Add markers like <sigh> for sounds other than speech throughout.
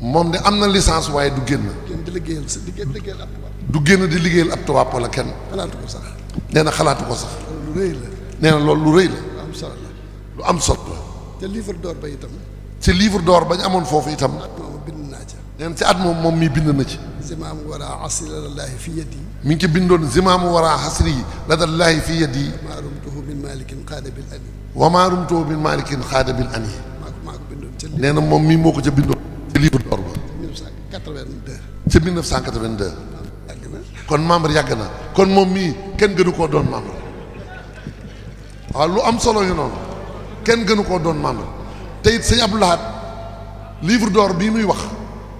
mom de amna licence waye du génn. du liggéeyal sa liggéeyal ab tubaab. du génn di liggéeyal ab tubaab wala ken xalaatu ko sax. neena na xalaatu ko sax. lu reey la. neena na lu reey la. am solo la. lu am solo la. te livre d'or ba itam. ci livre d'or bañ amone fofu itam. at bind naa ca. nee ci at mom mom mi bind na ci. zimam wara asri ladallaahi fi yadi. mi ngi bindon zimam wara hasri asri ladallaahi fi yadi. wa rumtuhu min maalikin qadib al ani. wa maa rumtuhu min maalikin qadib al ani. neena mom mi moko ci ko livre d'or ba. 1982. ci 1982. kon membre yàgg na kon moom mii kenn gënu koo doon membre waaw lu am solo ñu kenn gënu koo doon membre te it sëñ Abdou Lahad livre d'or bii muy wax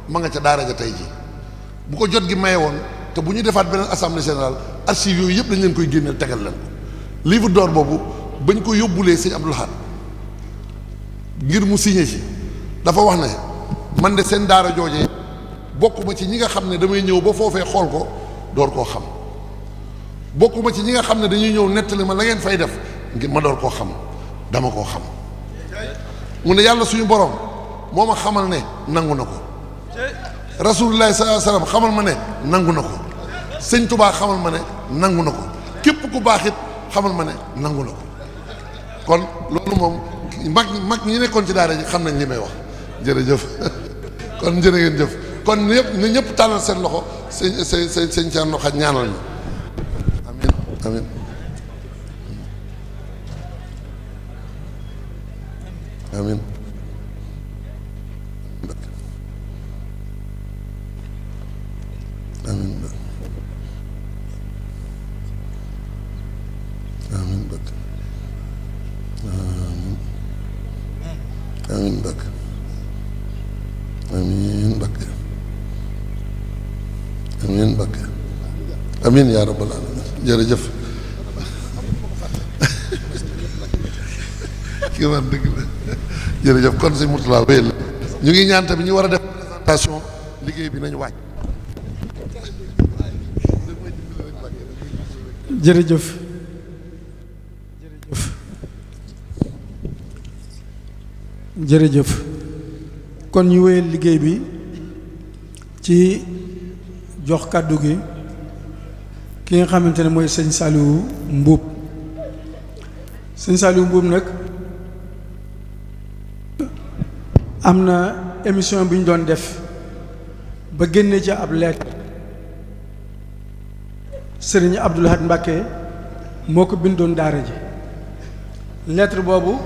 ma nga ca daara ja tey jii bu ko jot gi maye woon te bu ñu defaat beneen assemblée générale archives yooyu yëpp dañ leen koy génneel tegal leen ko livre d'or boobu bañ ko yóbbulee sëñ Abdou Lahad ngir mu signé ci dafa wax ne. man de seen daara joojee bokkuma ci ñi nga xam ne damay ñëw ba foofee xool ko door koo xam bokkuma ci ñi nga xam ne dañuy ñëw nettali ma la ngeen fay def ngir ma door koo xam dama koo xam mu ne yàlla suñu borom moo ma xamal ne nangu na ko rasulillahi sallallahu alayhi wasallam xamal ma ne nangu na ko sëñ tubaa xamal ma ne nangu na ko képp ku baax it xamal ma ne nangu na ko kon loolu moom mag mag ñi nekkoon ci daara ji xam nañ li may wax jërëjëf <laughs> kon jërë ngeen jëf kon ñëpp ñu ñëpp seen loxo sëñ sëñ sëñ sëñ Thierno Khaj ñaanal ñu amin amin amin amin amin amin amin amiin Mbakke amiin Mbakke amiin yaa rabbal alamin jërëjëf ki kon si Mourtala wéyal ñu ngi ñaan tamit ñu war a def présentation liggéey bi nañu waaj. jërëjëf jërëjëf jërëjëf. kon ñu wéyal liggéey bi ci jox kàddu gi ki nga xamante ne mooy sëñ Saliou Mbuub sëñ Saliou Mbuub nag am na émission bi ñu doon def ba génne ca ab lettre sëriñ Abdoul Ahad Mbacké moo ko bindoon daara ji lettre boobu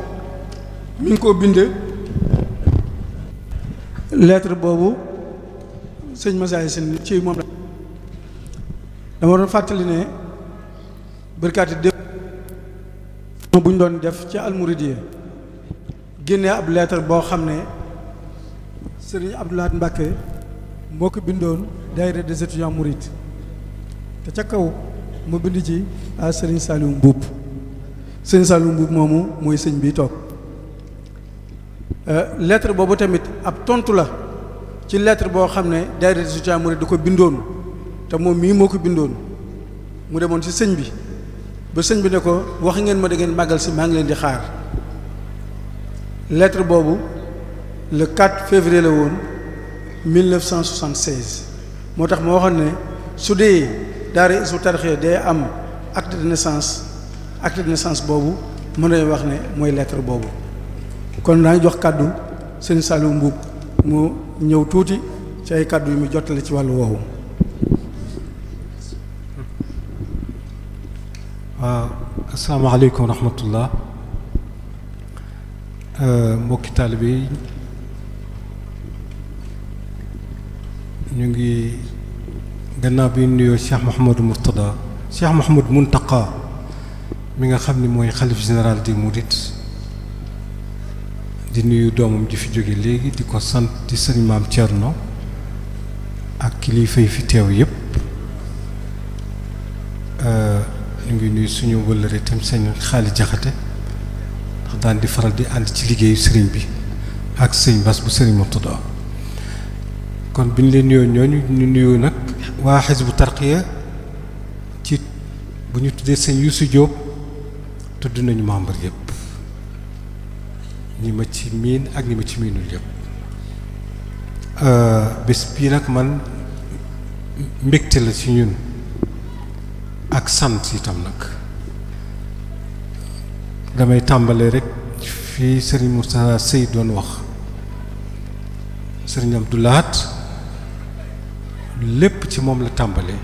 mu ngi ko bind lettre boobu sëñ Massaye Sène ci moom la dama doon fàttali ne bërkaati dé bu ñu doon def ci almuridiyya génne ab lettre boo xam ne sëriñ Abdoulaye Mbacke moo ko bindoon daayira des étudiants mourides te ca kaw mu bind ci a ah, sëriñ Saliou Mboup sëriñ Saliou Mboup moomu mooy sëñ bi toog Euh, lettre Bobo tamit ab tontu la ci lettre bo xamne ne daayira soutien mouride di ko bindoon te moom ko mu demone ci seigne bi ba seigne bi ne ko wax ngeen ma si di xaar lettre bobu le 4 février la 1976 motax mo waxone soudé ne su dee dé am acte de naissance acte de naissance Bobo. mo lay wax ne lettre bobu kon na jox kàddu seigne salou Mboup mu ñëw touti ci ay kàddu mi jotale ci walu woowu wa assalamu alaykum rahmatullah euh mbok yi ñu ngi ganna bi nuyo Cheikh mohammed murtada Cheikh mohammed Mountakha mi nga xamni moy mooy général di Mouride di nuyu doomam ji fi jóge léegi di ko sant di sëñ maam Thierno ak kilifa yi fi teew yëpp euh, ñu ngi nuyu suñu wëllëre itam sëñ xaali jaxate ndax daan di faral di ànd ci liggéeyu sëriñ bi ak sëñ bas bu sëriñ Murtada kon bi ñu leen nuyoo ñooñu ñu nuyu nag waa Hizbut Tarqiyyah ci bu ñu tuddee sëñ Youssou Diop tudd nañu membre yëpp ñi ma ci miin ak ñi ma ci miinul yëpp euh, bés bii nag man mbégte la ci ñun ak sant itam nag damay tàmbale rekk fii sëriñ Moustapha Sey doon wax sëriñ Abdou Lahat lépp ci moom la tàmbale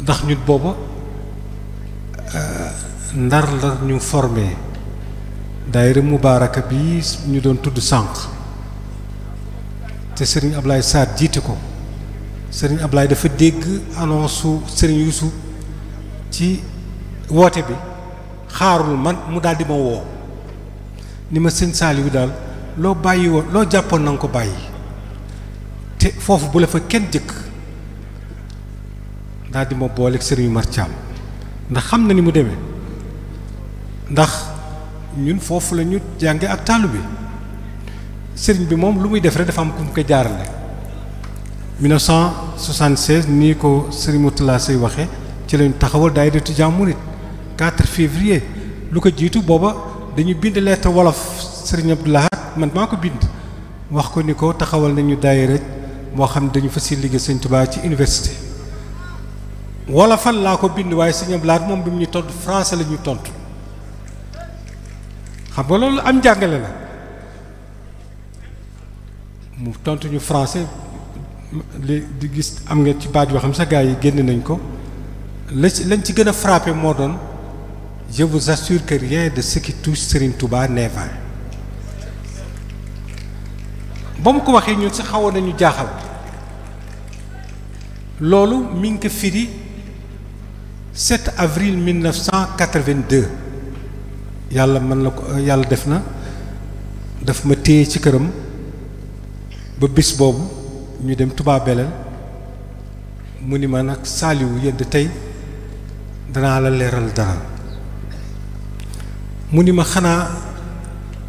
ndax ñun booba euh, ndar la ñu formé daayira mubaaraka bi ñu doon tudd sànq te sëriñ Ablaye Sarr jiite ko sëriñ lay dafa dégg annonce su sëriñ Youssou ci woote bi xaarul man mu daal di ma woo ni ma sëñ Saliou daal loo bàyyi woon loo jàppoon na ko bàyyi te foofu bu la fa kenn jëkk daal ma booleeg sëriñ Mar ndax xam na ni mu demee ndax. ñun foofu la ñu jànge ak taalu bi sëriñ bi moom lu muy def rek dafa am ku mu ko jaarale 1976 nii ko sëriñ Moutalla Sey waxe ci lañ taxawal daayiratu Jàmmurit 4 février lu ko jiitu booba dañu bind lettre wolof sëriñ Abdou man maa ko bind wax ko ni ko taxawal nañu daayira moo xam ne dañu fas liggéey Sëriñ Tuubaa ci université wolofal laa ko bind waaye sëriñ Abdou Lahad moom bi mu ñu tontu français la ñu tontu xam nga loolu am jàngale la mu tontu ñu français li di gis am nga ci baat yoo xam sa gars yi génne nañ ko la lañ ci gën a frappé moo doon je vous assure que de ce qui touche Serigne ba mu ko waxee ñun sax xawoon nañu jaaxal loolu mi ngi ko firi 7 avril 1982. yàlla man na ko yàlla def na daf ma téye ci këram ba bis boobu ñu dem Touba Belel mu ni ma nag saaliwu yëdd tey danaa la leeral dara mu ni ma xanaa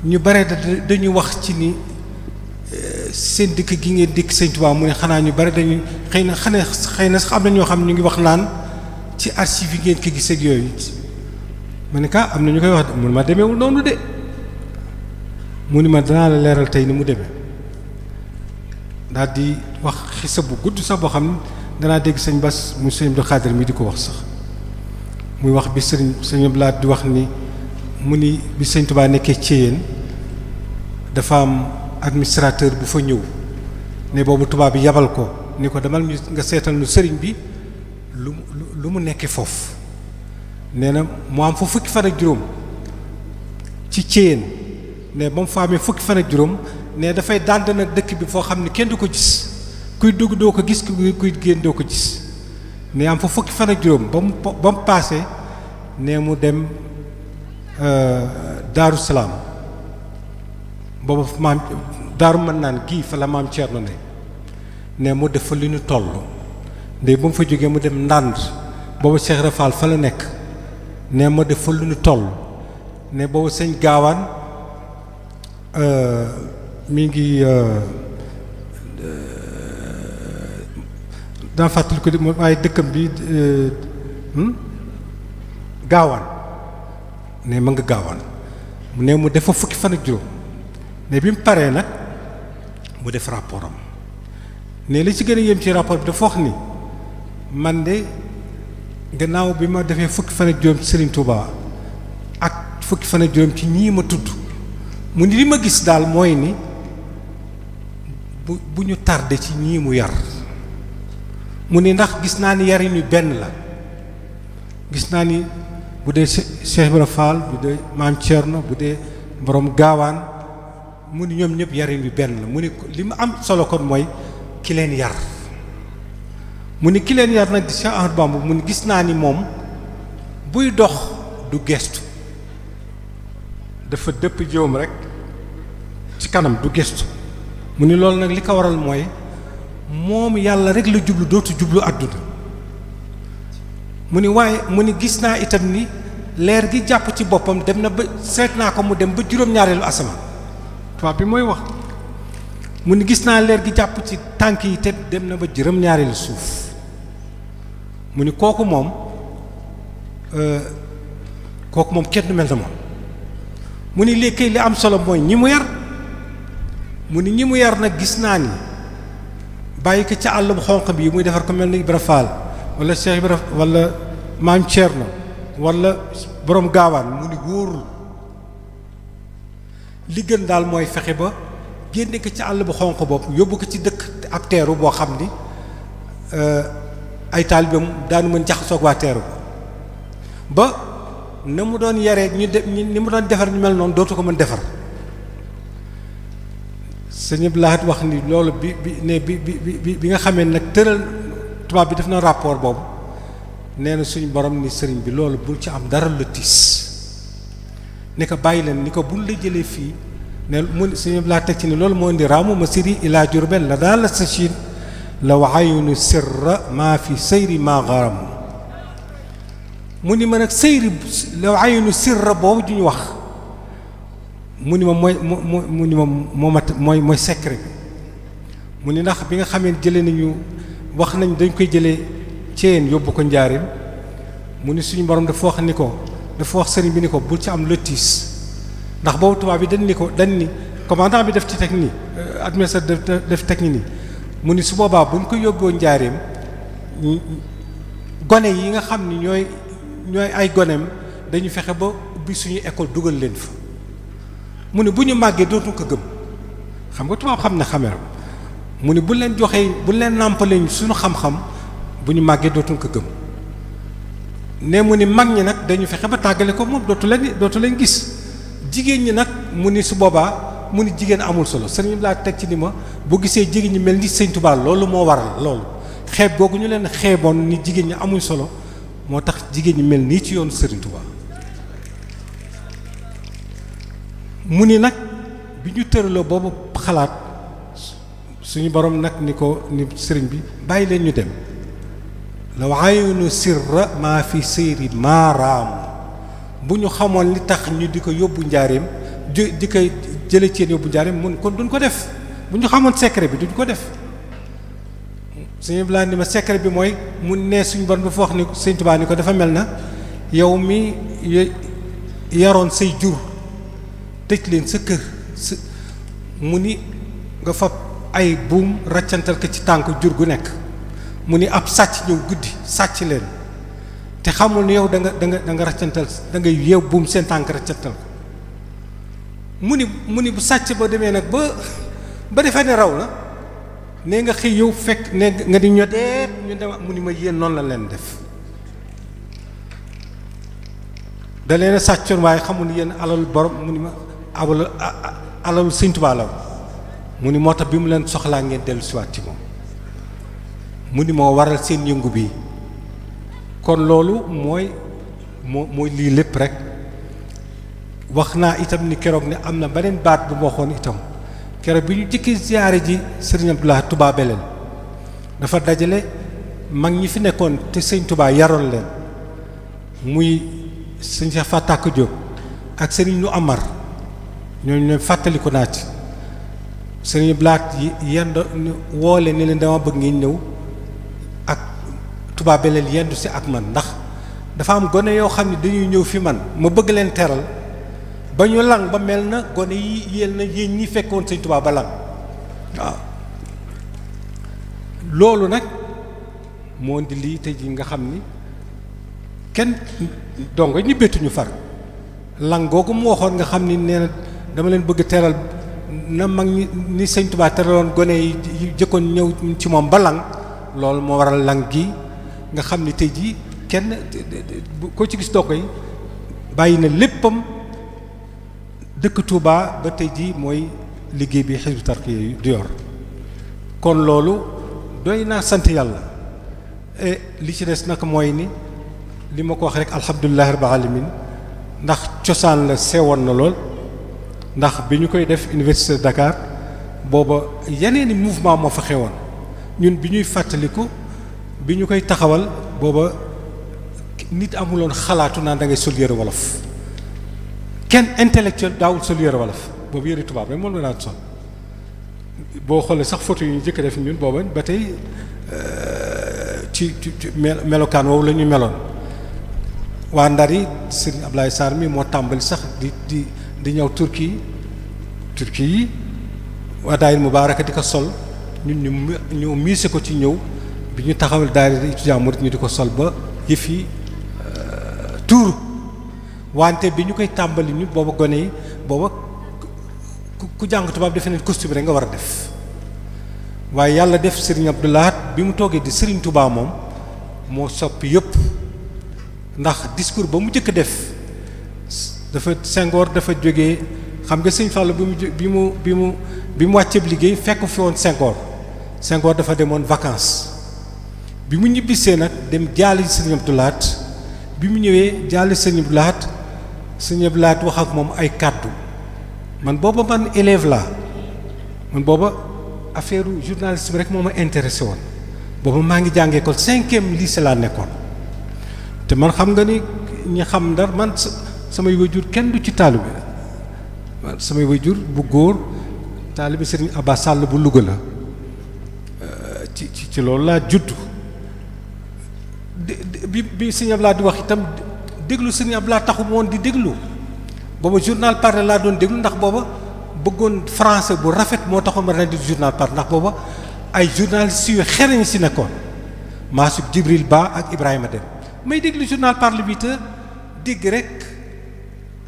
ñu bare dañu wax ci ni eh, seen dikk gi ngeen dikk sëñ Touba mu ne xanaa ñu bare dañu xëy na xane xëy na sax am na ñoo xam ñu ngi wax naan ci archive yi ngeen ko gis ak yooyu ma ne ka ah, am na ñu koy wax mun ma demeewul noonu de mu ni ma danaa la leeral tey ni mu demee daal di wax xisa bu gudd sax boo xam ne danaa dégg sëñ Bas mu sëñ Abdou Khadir mi di ko wax sax muy wax bi sëñ sëñ Abdou Lahat di wax ni mu ni bi sëñ Touba nekkee Thiéyène dafa am administrateur bu fa ñëw ne boobu tubaab bi yabal ko ni ko demal ñu nga seetal nu sëriñ bi lu lu mu nekkee foofu nee na am fa fukki fan ak juróom ci Thiéyène ne ba mu fa amee fukki fan ak juróom ne dafay dànd nag dëkk bi foo xam ne kenn du ko gis kuy dugg doo ko gis kuy génn doo ko gis ne am fa fukki fan ak juróom ba mu ba ne mu dem euh, Daaru Salaam booba maam daaru mën naan gii fa la maam Thierno ne ne mu def fa li ñu toll ndey ba fa jógee mu dem ndànd booba Cheikh Rafal fa la nekk ne ma def fa lu ñu toll ne boobu sëñ gaawaan euh, mi ngi euh, daa fàttali ko di moom waaye dëkkam bi euh, hmm? gaawaan ne ma nga gaawaan mu ne mu def fa fukki fan juróom ne bi mu paree nag mu def rapport ne li ci gën a yem ci rapport bi dafa wax ni man de gannaaw bi ma defee fukki fan ak juróom ci Serigne Touba ak fukki fan ak juróom ci ñii ma tudd mu ni li ma gis daal mooy ni bu bu ñu tardé ci ñii mu yar mu ni ndax gis naa ni yarin yu benn la gis naa ni bu dee Cheikh Ibrahima Fall bu dee Maam Thierno bu dee borom gaawaan mu ni ñoom ñëpp yarin yu benn la mu ni li ma am solo kon mooy ki leen yar mu ni ki leen yar nag di Cheikh Ahmadou Bamba mu ni gis naa ni moom buy dox du gestu dafa dëpp jëwam rek ci kanam du gestu mu ni loolu nag li ko waral mooy moom yàlla rek la jublu dootu jublu àdduna mu ni waaye mu ni gis naa itam ni leer gi jàpp ci boppam dem na ba seet naa ko mu dem ba juróom-ñaareelu asamaan tubaab bi mooy wax mu ni gis naa leer gi jàpp ci tànk yi te dem na ba juróom-ñaareelu suuf mu ni mom euh koku mom kenn mel na moom mu ni léegi li am solo moy ñi mu yar mu ni ñi mu yar nak gis naa ni bàyyi ko ca àll bu bi muy defar ko melni ni wala Cheikh Ibra wala mam cherno wala borom gawan mu ni wóorul li gën dal moy fexe ba génne ko ci allu bu xonq bopp yóbbu ko ci dëkk ak teeru bo xamni ni ay talibam daanu mën jaxasoog waa teeru ba namu mu doon yaree ñu ni mu doon defar ñu mel non dootu ko mën defar sëñ blahat wax ni loolu bi bi ne bi bi bi nga xamé nak teural tuba bi def na rapport bobu neena suñu borom ni sëriñ bi loolu bu ci am dara la tiss ne ko bàyyi ni ko bul la jëlé fi ne mu blahat tek ci ni loolu mo ndi ramu ma siri ilaa Jurbel la dal sa Chine لو عين سر ما في سير ما غرم موني منك سير لو عين سر بوجن وخ موني ما موني ما مو ما موي موي سكر موني نخ بيغا خامين جيلي نيو وخ نان دنج كوي جيلي تين يوبو كو نجارين موني سيني بروم دا فوخ نيكو دا فوخ سيرين بي نيكو بول سي ام لوتيس نخ بوبو توبا بي دن نيكو دن ني كوماندان بي داف تي تكني ادمينستر داف تكني mu ni su boobaa buñ ko yóbboo ndiarim gone yi nga xamni ñoy ñoy ay gonem dañu fexe ba ubbi suñu école duggal leen fa mu ne bu ñu dootu ko gëm xam nga tubaab xamna na xameram mu ne bu leen joxé buñ leen nampalé sunu suñu xam-xam buñu maggé dootu ko gëm ne mu ni mag ñi nak dañu fexe ba tagalé ko mu dootu leen dootu leen gis jigéen ñi nak mu ni su boobaa mu ni jigéen amul solo sëriñ la tek ci ni ma boo gisee jigéen ñi mel ni sëñ Tuubaa loolu moo waral loolu xeeb googu ñu leen xeeboon ni jigéen ñi amuñ solo moo tax jigéen ñi mel nii ci yoonu sëriñ Tuubaa mu ni nag bi ñu tëraloo boobu xalaat suñu boroom nag ni ko ni sëriñ bi bàyyi leen ñu dem law aynu sirra maa fi sëyri maaraamu bu ñu xamoon ni tax ñu di ko yóbbu njaareem di koy jële ci yóbbu njaareem mun kon duñ ko def buñu xamone secret bi duñ ko def seigne bilan ni ma secret bi moy mu ne suñu bon bu wax ni seigne touba ni ko dafa melna na yow mi yaron sey jur tëj leen sa keur mu ni nga fop ay buum raccantal ke ci jur gu nek mu ni ab satch ñew guddi satch leen te xamul ni yow da nga da nga da nga raccantal da nga yew buum sen tank raccantal mu ni mu ni bu satch ba deme nak ba ba defee ne raw la ne nga xëy yow fekk ne nga di ñoteet ñu mu ni ma yéen noonu la leen def da leen a sàccoon waaye xamul ni yéen alalu borom mu ni ma alalu alalu Sëñ Tuubaa mu ni moo tax bi mu leen soxlaa ngeen dellu siwaat ci moom mu ni moo waral seen yëngu bi kon loolu mooy moo mooy lii lépp rek wax naa itam ni keroog ne am na beneen baat bu ma waxoon itam keroog bi ñu jëkki ziyaare ji sëriñ Abdullah Touba Belel dafa dajale mag ñi fi nekkoon te sëñ Touba yaroon leen muy sëñ Cheikh Fatak ak sëriñ lu Amar ñooñu ne fàttaliku naa ci sëriñ Blaat yi yendo woole ni leen dama bëgg ngeen ñëw ak Touba Belel yendu si ak man ndax dafa am gone yoo xam ne dañuy ñëw fi man ma bëgg leen teral ba ñu lang ba mel na gone yi yéen na yéen ñi fekkoon sëñ Tuubaa ba lang waaw loolu nag moo ndi lii tey ji nga xam ni kenn dongo ñi bettuñu far lang googu mu waxoon nga xam ni nee dama leen bëgg teral na mag ñi ni sëñ Tuubaa teraloon gone yi jëkkoon ñëw ci moom ba lang loolu moo waral lang gi nga xam ni tey jii kenn koo ci gis dongo yi bàyyi na léppam dëkk Touba ba tey jii mooy liggéey bi Hizbut Tarqiyyah yu di kon loolu doy naa sant yàlla et li ci des nag mooy ni li ma ko wax rek alhamdulillahi rabbil alamin ndax cosaan la sewoon na lool ndax bi ñu koy def université de Dakar booba yeneeni mouvement moo fa xewoon ñun bi ñuy fàttaliku bi ñu koy taxawal booba nit amuloon xalaatu naan da ngay sol yére wolof كان انتلكتوال داول سولير ولف بوبي ريتو باب مول لا تصون بو خول سخ فوتو ني جيك ديف نيون بوبن باتاي آه، تي ملوكان وو لا ني ملون وانداري سير ابلاي سارمي مو تامبل سخ دي دي دي نيو تركي تركي وداي المباركه ديكو سول نين نيو ميسكو تي نيو بي ني تاخاول داري ديتيا مورد ني ديكو سول با يفي آه، تور wante bi ñu koy tambali ñu booba goné yi ku jang tubab def ne costume rek nga wara def waye yalla def serigne abdullah bi mu toge di serigne touba mom mo soppi yep ndax discours ba mu jëk def dafa sengor dafa joggé xam nga serigne fàll bi mu bi mu bi mu waccé liggéey fekk fi won sengor sengor dafa demone vacances bi mu ñibissé nak dem jali serigne abdullah bi mu ñëwé jali serigne abdullah sëñ Abdou wax ak moom ay kàddu man booba man élève laa man booba affaire journalist bi rek moom ma intéressé woon booba maa ngi jàngee jàng école cinquième lycée laa nekkoon te man xam nga ni ñi xam ndar man samay wajur kenn du ci taalibe man samay wajur bu góor taalibe Serigne Abba sàll bu Louga la euh, ci ci ci loolu laa judd bi bi sëñ Abdou di wax itam. déglu sëriñ Abdoulaye taxu woon di déglu booba journal parlé laa doon déglu ndax booba bëggoon français bu rafet moo taxoon ma di journal parlé ndax booba ay journalistes yu xereñ si nekkoon Massoud Djibril Ba ak Ibrahima Dem may déglu journal parlé bi te dégg rek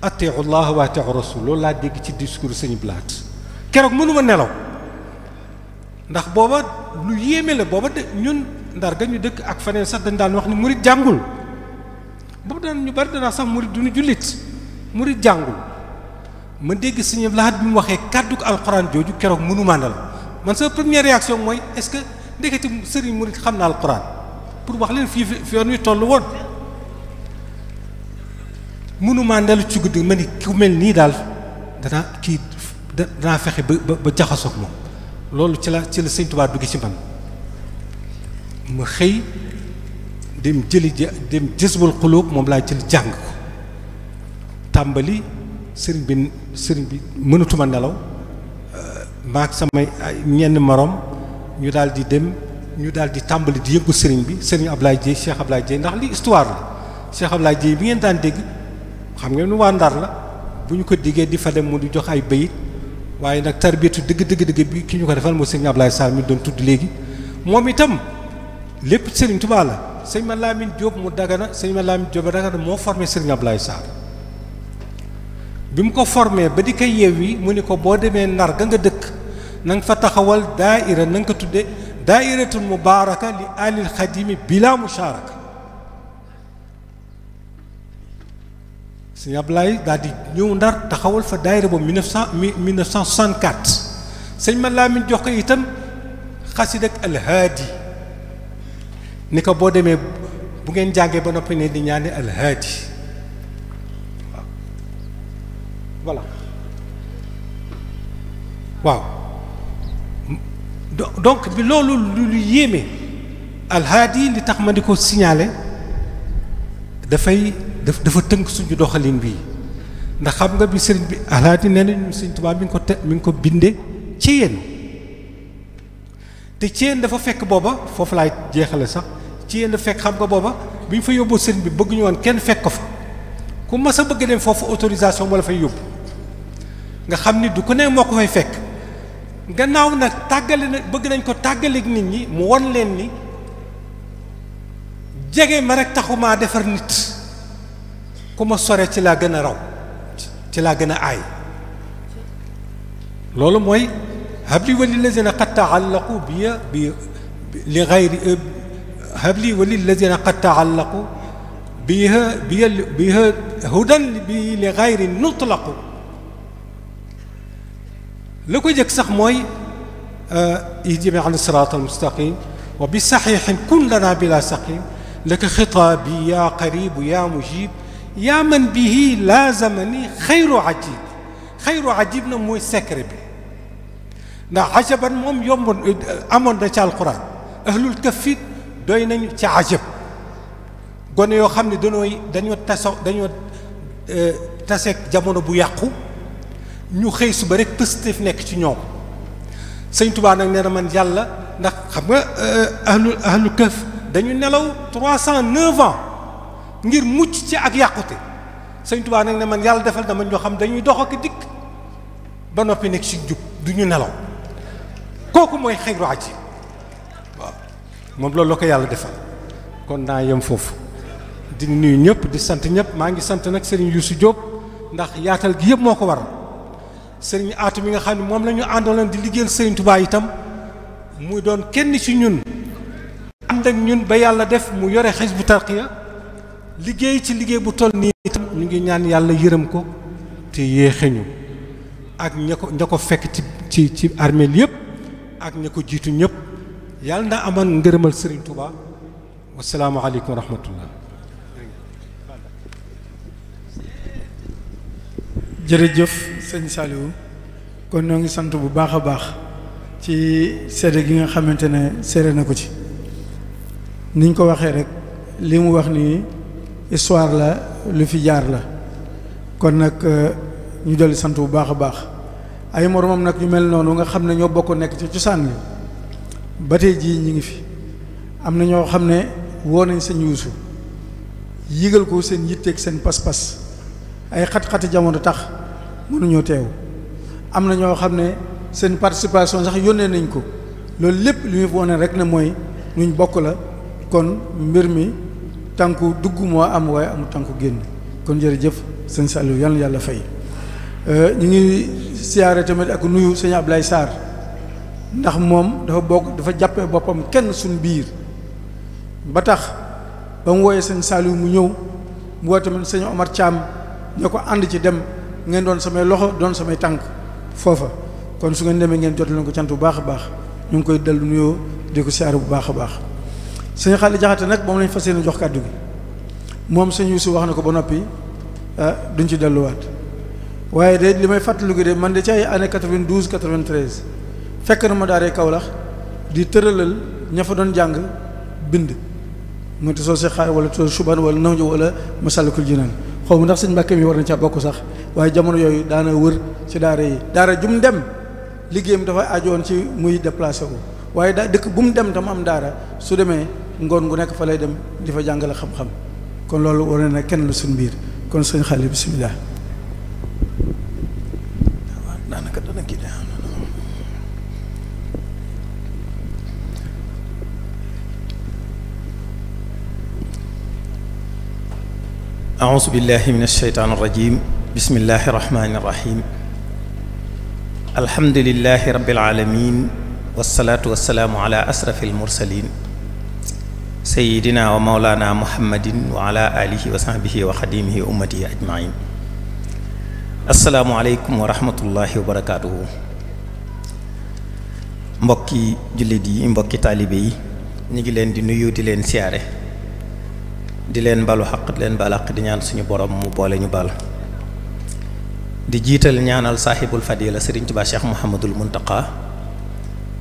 ateexu Allah wa ateexu loolu laa dégg ci discours sëriñ Blaat keroog mënuma nelaw ndax booba lu yéeme la booba de ñun ndar ga ñu dëkk ak feneen sax dañ daan wax ni murit jàngul boobu daan ñu bari danaa sax murid du ñu jullit murid jàngul ma dégg suñu laaj bi mu waxee kàddu ko alxuraan jooju keroog mënu ma man sa première réaction mooy est-ce que ndeketi sëriñ murid xam na alxuraan pour wax leen fii fi yoon wi toll woon ma ci guddi ma ni ku mel nii daal danaa kii danaa fexe ba ba jaxasoog loolu ci la ci la sëñ Tuubaa dugg ci man ma xëy. dem jëli dem jësbul xuluub moom laa jël jàng ko tàmbali sëriñ bi sëriñ bi mënatuma nelaw euh, maak samay ñenn morom ñu daal di dem ñu daal di tàmbali di yëngu sëriñ bi sëriñ Ablaye Dieye Cheikh Ablaye Dieye ndax li histoire la Cheikh Ablaye Dieye bi ngeen daan dégg xam ngeen waa Ndar la bu ñu ko diggee di fa dem mu di jox ay bayit waaye nag tarbiyatu dëgg dëgg dëgg bi ki ñu ko defal moo sëriñ Ablaye Sall mi doon tudd léegi moom itam lépp sëriñ Tuubaa سيما لامين جوب مو داغانا سيما لامين جوب داغانا مو فورمي سيرن ابلاي سار بيمكو فورمي با ديكا ييوي مونيكو بو ديمي نار غا دك نانغ فا تاخوال دائره نانغ تودي دائره مباركه لآل الخديم بلا مشاركه سيرن ابلاي دادي نيو نار تاخوال فا دائره بو 1964 سيما لامين جوخ ايتام خاصيدك الهادي ni ko boo demee bu ngeen jàngé ba nopi ne di ñaani al hadi voilà waaw donc bi loolu lu lu yéeme hadi li tax ma di ko signaler dafay dafa tënk suñu doxalin bi ndax xam nga bi sëriñ bi al hadi nee ñu sëriñ tuba mi ngi ko te mi ngi ko bindé ci yéen te ci yéen dafa fekk booba foofu laay jeexale sax ci yéen la fekk xam nga booba bi fa yóbbu sëriñ bi bëgg ñu woon kenn fekk ko fa ku mas a bëgg dem foofu autorisation moo la fay yóbbu nga xam ni du ku ne moo ko fay fekk gannaaw nag tàggale na bëgg nañ ko tàggaleeg nit ñi mu won leen ni jege ma rek taxumaa defar nit ku ma sore ci laa gën a raw ci laa gën a aay loolu mooy habli wali lazina qad taallaqu bi bi li xayri هب لي ولي الذين قد تعلقوا بها بها هدى لغير نطلق لو كنت يكسخ موي آه، يهدي على الصراط المستقيم وبصحيح كلنا بلا سقيم لك خطابي يا قريب يا مجيب يا من به لا زمني خير عجيب خير عجيب نمو السكر به نا عجبا مم يوم آه، امن رجال القران اهل الكفيت doy nañu ci ajab gone yoo xam ne danooy dañoo tasoo dañoo euh, taseeg jamono bu yàqu ñu xëy suba rek positif nekk ci ñoom sëñ Tuubaa nag ne na man yàlla ndax xam nga ahlul euh, ahlul këf dañu nelaw trois cent neuf ans ngir mucc ci ak yàqute sëñ Tuubaa nag ne man yàlla defal na man ñoo xam dañuy dox ak dikk ba noppi nekk ci jub duñu nelaw kooku mooy xayru ajib moom loolu ko yàlla defal kon naa yem foofu di nuyu ñëpp di sant ñëpp maa ngi sant nag Serigne Youssou Diop ndax yaatal gi yëpp moo ko waral sëriñ Atou mi nga xam ne moom lañu ñu àndaloon di liggéeyal Serigne Touba itam muy doon kenn ci ñun ànd ak ñun ba yàlla def mu yore bu Tarqiyyah liggéey ci liggéey bu toll nii itam ñu ngi ñaan yàlla yërëm ko te yéexeñu ak ña ko ña ko fekk ci ci ci armeel yëpp ak ña ko jiitu ñëpp. yàlla na amoon ngërëmal Serigne Touba wasalaamualeykum wa rahmatullah. jërëjëf sëñ Saliou kon ñoo ngi sant bu baax a baax ci seede gi nga xamante ne seede na ko ci niñ ko waxee rek li mu wax ni histoire la lu fi jaar la kon nag ñu dolli sant bu baax a baax ay moromam nag ñu mel noonu nga xam ne ñoo bokk nekk ci cosaan li ba tey jii ñu ngi fi am na ñoo xam ne woo nañ sëñ yuusu yëgal ko seen yitteeg seen pas-pas ay xat-xati jamono tax mënuñoo teew am na ñoo xam ne seen participation sax yónnee nañ ko loolu lépp li ñu wone rek na mooy ñuñ bokk la kon mbir mi tànku dugg moo am waaye amul tànku génn kon jërëjëf seen Saliou yàlla yàlla fay ñu ngi siyaare tamit ak nuyu sëñ Ablaye saar ndax moom dafa bokk dafa jàppee boppam kenn suñ biir ba tax ba mu wooyee sëñ Saliou mu ñëw mu woo tamit sëñ Omar Thiam ñoo ko ànd ci dem ngeen doon samay loxo doon samay tànk foofa kon su ngeen demee ngeen jot leen ko cant bu baax a baax ñu ngi koy dellu nuyoo di ko bu baax a baax sëñ Xaali Jaxate nag moom lañ fas yéene jox kàddu gi moom sëñ Yuusu wax na ko ba noppi ah, duñ ci delluwaat waaye de li may fàttaliku de man de ci ay année 92 93. fekk na ma daaree Kaolack di tëralal ña fa doon jàng bind mu soo si xaar wala soo suban wala naw ñu wala Masaalikul Jinaan xaw ma ndax sëñ Mbàkke mi war na ca bokk sax waaye jamono yooyu daana wër ci daara yi daara ju dem liggéeyam dafa ajoon ci muy déplacé ko waaye daa dëkk bu mu dem tam am daara su demee ngoon gu nekk fa lay dem di fa jàngale xam-xam kon loolu war na kenn la suñ biir kon sëñ xale bisimilah daanaka أعوذ بالله من الشيطان الرجيم بسم الله الرحمن الرحيم الحمد لله رب العالمين والصلاة والسلام على أسرف المرسلين سيدنا ومولانا محمد وعلى آله وصحبه وخديمه أمتي أجمعين السلام عليكم ورحمة الله وبركاته مبكي جلدي مبكي طالبي taalibe yi ñu ngi leen di nuyu di leen balu xaq di leen baal xaq di ñaan suñu borom mu boole ñu baal di jiital ñaanal saaxibul fadila sëriñ Tuubaa Cheikh Mouhamadul Muntaqa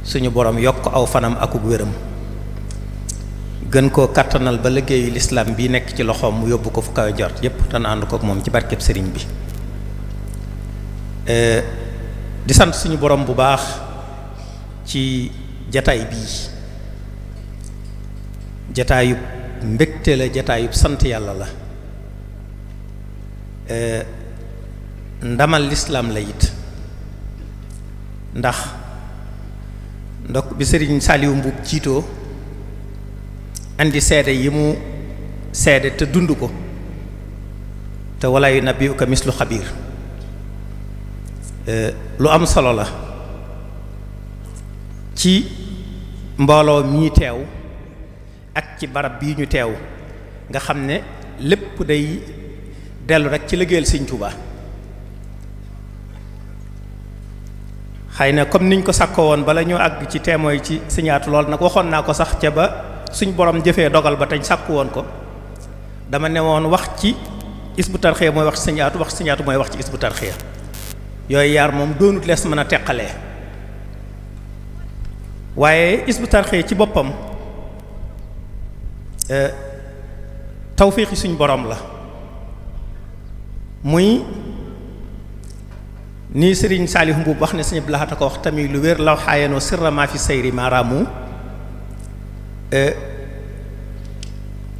suñu boroom yokk aw fanam akub wéram gën koo kàttanal ba liggéeyu lislaam bi nekk ci loxoom mu yóbbu ko fu kawe jort yépp te ànd kook moom ci barkeb sëriñ bi eh, di sant suñu boroom bu baax ci jataay bii jataayub mbégte la jataayub sant yàlla la ndamal lislaam la it ndax ndokk bi sëriñ Saliou Mbuub jiitoo indi seede yi mu seede te dund ko te walla yu nabiuka mislu xabiir lu am solo la ci mbooloo mii teew ak ci barab bii ñu teew nga xam ne lépp day dellu rek ci liggéeyal Sëñ juba xëy na comme niñ ko sàkkoo woon bala ñoo àgg ci teemoo yi ci siñaatu lool nag waxoon naa ko sax ca ba suñ borom jëfee dogal ba teñ sàkku woon ko dama ne woon wax ci bu tarxiya mooy wax ci siñaatu wax ci siñaatu mooy wax ci is bu tarxiya yooyu yaar moom doonut lees mën a teqalee waaye isbu tarxiya ci boppam Eh, tawféexi suñ boroom la muy nii sëriñ Saalih Mbuub wax ne sëñ Abdou Lahad ko wax tamit lu wér law xaayanoo sirra maa eh,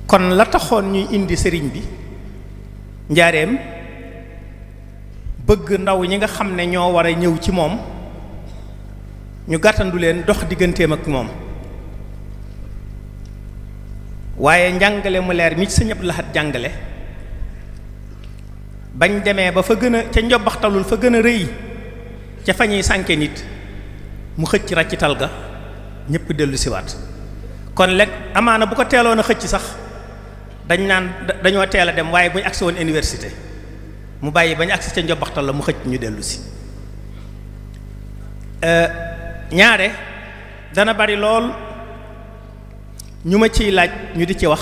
kon la taxoon ñuy indi sëriñ bi njaareem bëgg ndaw ñi nga xam ne ñoo war a ñëw ci moom ñu gàttandu leen dox digganteem ak moom waaye njàngale mu leer mi ci sëñ Abdou Lahad jàngale bañ demee ba fa gën a ca njobbaxtalul fa gën a rëy ca fa ñuy sànke nit mu xëcc ràccital ga ñëpp dellu siwaat kon lekk amaana bu ko teeloon a xëcc sax dañ naan dañoo teel a dem waaye bu ñu agsi woon université mu bàyyi ba ñu agsi ca njobbaxtal la mu xëcc ñu dellusi euh, ñaare dana bari lool ñu ma ciy laaj ñu di ci wax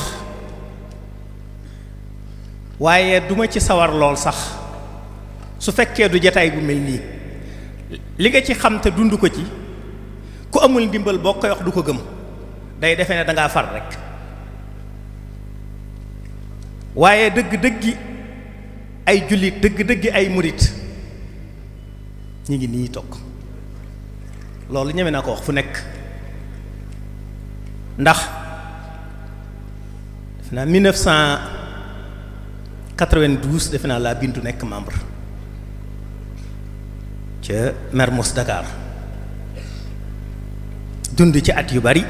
waaye duma ci sawar lool sax su fekkee du jataay bu mel nii li nga ci xam te dund ko ci ku amul ndimbal boo koy wax du ko gëm day defe ne dangaa far rekk waaye dëgg-dëggi ay jullit dëgg-dëggi ay murit ñu ngi nii toog loolu ñeme naa ko wax fu nekk ndax defe naa 1992 defe naa laa bindu nekk membre ca Mermoz Dakar dund ci at yu bari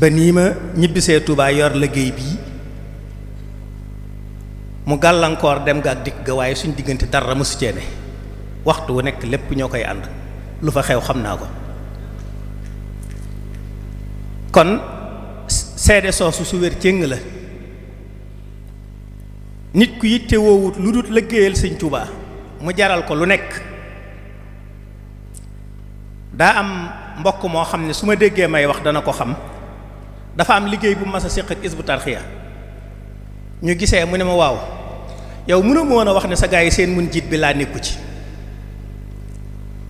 ba nii ma ñibbisee Touba yor liggéey bii mu gàllankoor dem ga ak dikk ga waaye suñ diggante dara mosu ceene waxtu wu nekk lépp ñoo koy ànd lu fa xew xam naa ko kon seede soosu su wér cëng la nit ku yitte woowut lu dul liggéeyal sëñ Tuubaa mu jaral ko lu nekk daa am mbokk moo xam ne su ma déggee may wax dana ko xam dafa am liggéey bu masa a séq ak Hizbut Tarqiyyah ñu gisee mu ne ma waaw yow mënoo ma woon a wax ne sa gaa yi seen mun jiit bi laa nekku ci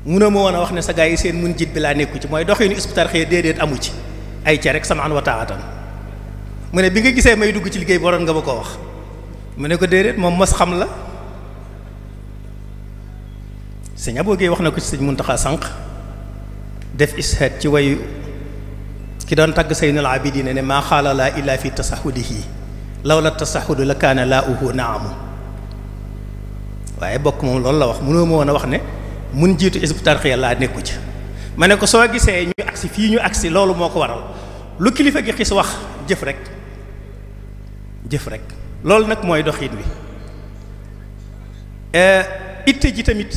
mënoo ma woon a wax ne sa gaa yi seen mun jiit bi laa nekku ci mooy doxinu Hizbut Tarqiyyah déedéet amu ci ay ca rek samaan wa taatan mu ne bi nga gisee may dugg ci liggéey waroon nga ma koo wax mu ne ko déedéet moom mos xam la sëñ Abou Guèye wax na ko ci sëñ Muntaxa sànq def ishaad ci wayu ki doon tagg Seynul Abidin ne maa xaala laa illaa fi law lawla tasahudu la kaana laa uhu naamu waaye bokk moom loolu la wax mënoo ma woon a wax ne mun jiitu isbu tarxiya laa nekku ci ma ne ko soo gisee ñu agsi fii ñu agsi loolu moo ko waral lu kilifa gi xis wax jëf rek jëf rekk loolu nag mooy doxin wi eh, itte ji tamit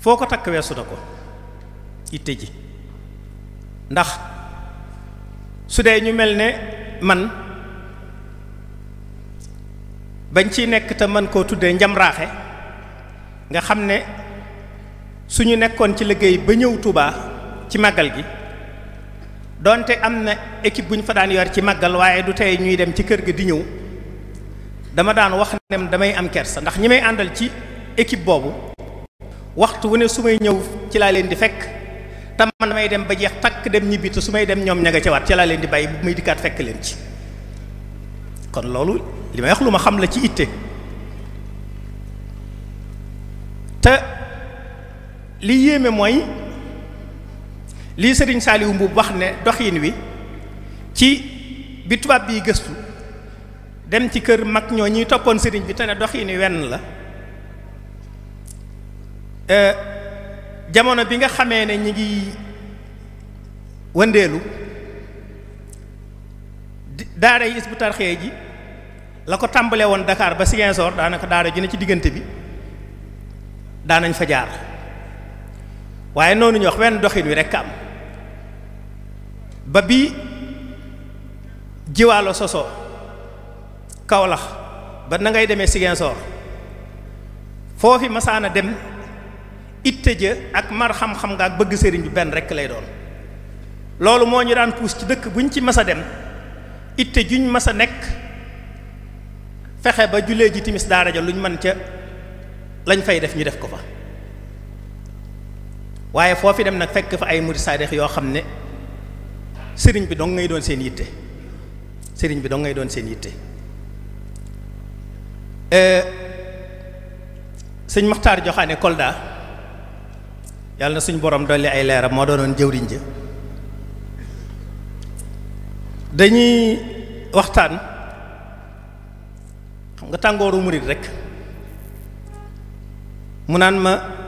foo ko takk weesu na ko itte ji ndax su dee ñu mel ne man bañ ciy nekk te man koo tuddee njamraaxe nga xam ne suñu nekkoon ci liggéey ba ñëw tubaa ci màggal gi donte amna équipe buñ fa daan yor ci magal waye du tay ñuy dem ci kër ga di ñëw dama daan wax nem damay am kersa ndax ñimay àndal ci équipe bobu waxtu wone sumay ñëw ci la leen di fekk te man damay dem ba jeex tak dem ñibbi te su dem ñom ñaga ci wat ci la leen di bay bu may dikkaat fekk leen ci kon loolu limay wax luma xam la ci itte te li yeme moy lii sëriñ Saaliwu Mbuub wax ne doxin wi ci bi tubaab bii gëstu dem ci kër mag ñoo ñuy toppoon sëriñ bi te ne doxin wi wenn la euh, jamono bi nga xamee ne ñi ngi wëndeelu daara yi Hizbut Tarqiyyah ji la ko tàmbale woon dakaar ba Ziguinchor daanaka daara ju ne ci diggante bi daanañ fa jaar waaye noonu ñu wax wenn doxin wi rekk am ba bi jiwaalo sosoo Kawlax ba na ngay demee Ziguinchor foofi masaana dem itte jë ak mar xam-xam nga ak bëgg sëriñ bi benn rekk lay doon loolu moo ñu daan puus ci dëkk buñ ci mas a dem itte juñ mas a nekk fexe ba jullee ji timis daara ja luñ mën ca lañ fay def ñu def ko fa waaye foofi dem nag fekk fa ay murid yoo xam ne sëriñ bi dong ngay doon seen yitte sëriñ bi doo ngay doon seen yitte eh, sëñ Maxtaar Joxaane Kolda yàlla na suñ borom dolli ay leeram moo doon jëwriñ ja dañuy waxtaan xam nga tàngooru murit rek mu ma